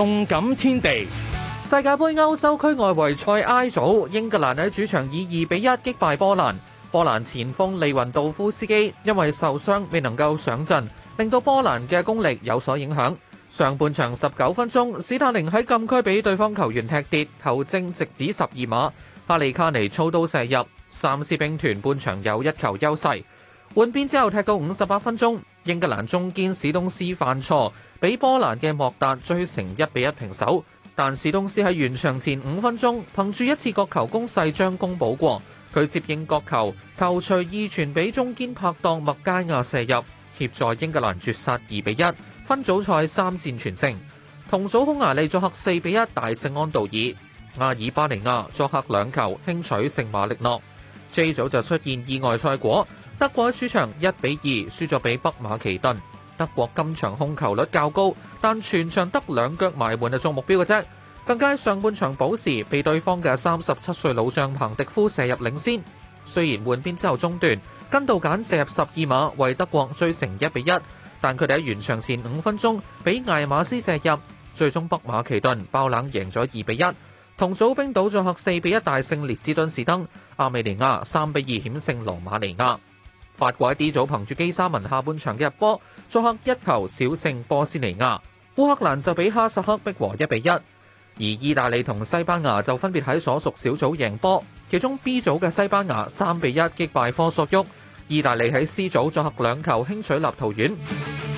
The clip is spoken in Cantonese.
動感天地，世界盃歐洲區外圍賽 I 組，英格蘭喺主場以二比一擊敗波蘭。波蘭前鋒利雲道夫斯基因為受傷未能夠上陣，令到波蘭嘅攻力有所影響。上半場十九分鐘，史坦寧喺禁區俾對方球員踢跌，球證直指十二碼，哈利卡尼操刀射入，三獅兵團半場有一球優勢。換邊之後踢到五十八分鐘。英格蘭中堅史東斯犯錯，俾波蘭嘅莫達追成一比一平手。但史東斯喺完場前五分鐘，憑住一次角球攻勢將功補過。佢接應角球，球隨二傳俾中堅拍檔麥佳亞射入，協助英格蘭絕殺二比一，分組賽三戰全勝。同組匈牙利作客四比一大勝安道爾，阿爾巴尼亞作客兩球輕取聖馬力諾。J 組就出現意外賽果。德國喺主場一比二輸咗俾北馬其頓。德國今場控球率較高，但全場得兩腳埋門就中目標嘅啫。更加喺上半場補時，被對方嘅三十七歲老將彭迪夫射入領先。雖然換邊之後中段，根度簡射入十二碼為德國追成一比一，但佢哋喺完場前五分鐘俾艾馬斯射入，最終北馬其頓爆冷贏咗二比一。同組冰島作客四比一大勝列支敦士登，阿美尼亞三比二險勝羅馬尼亞。法國喺 D 組憑住基沙文下半場嘅入波，作客一球小勝波斯尼亞。烏克蘭就俾哈薩克逼和一比一。而意大利同西班牙就分別喺所屬小組贏波，其中 B 組嘅西班牙三比一擊敗科索沃。意大利喺 C 組作客兩球輕取立陶宛。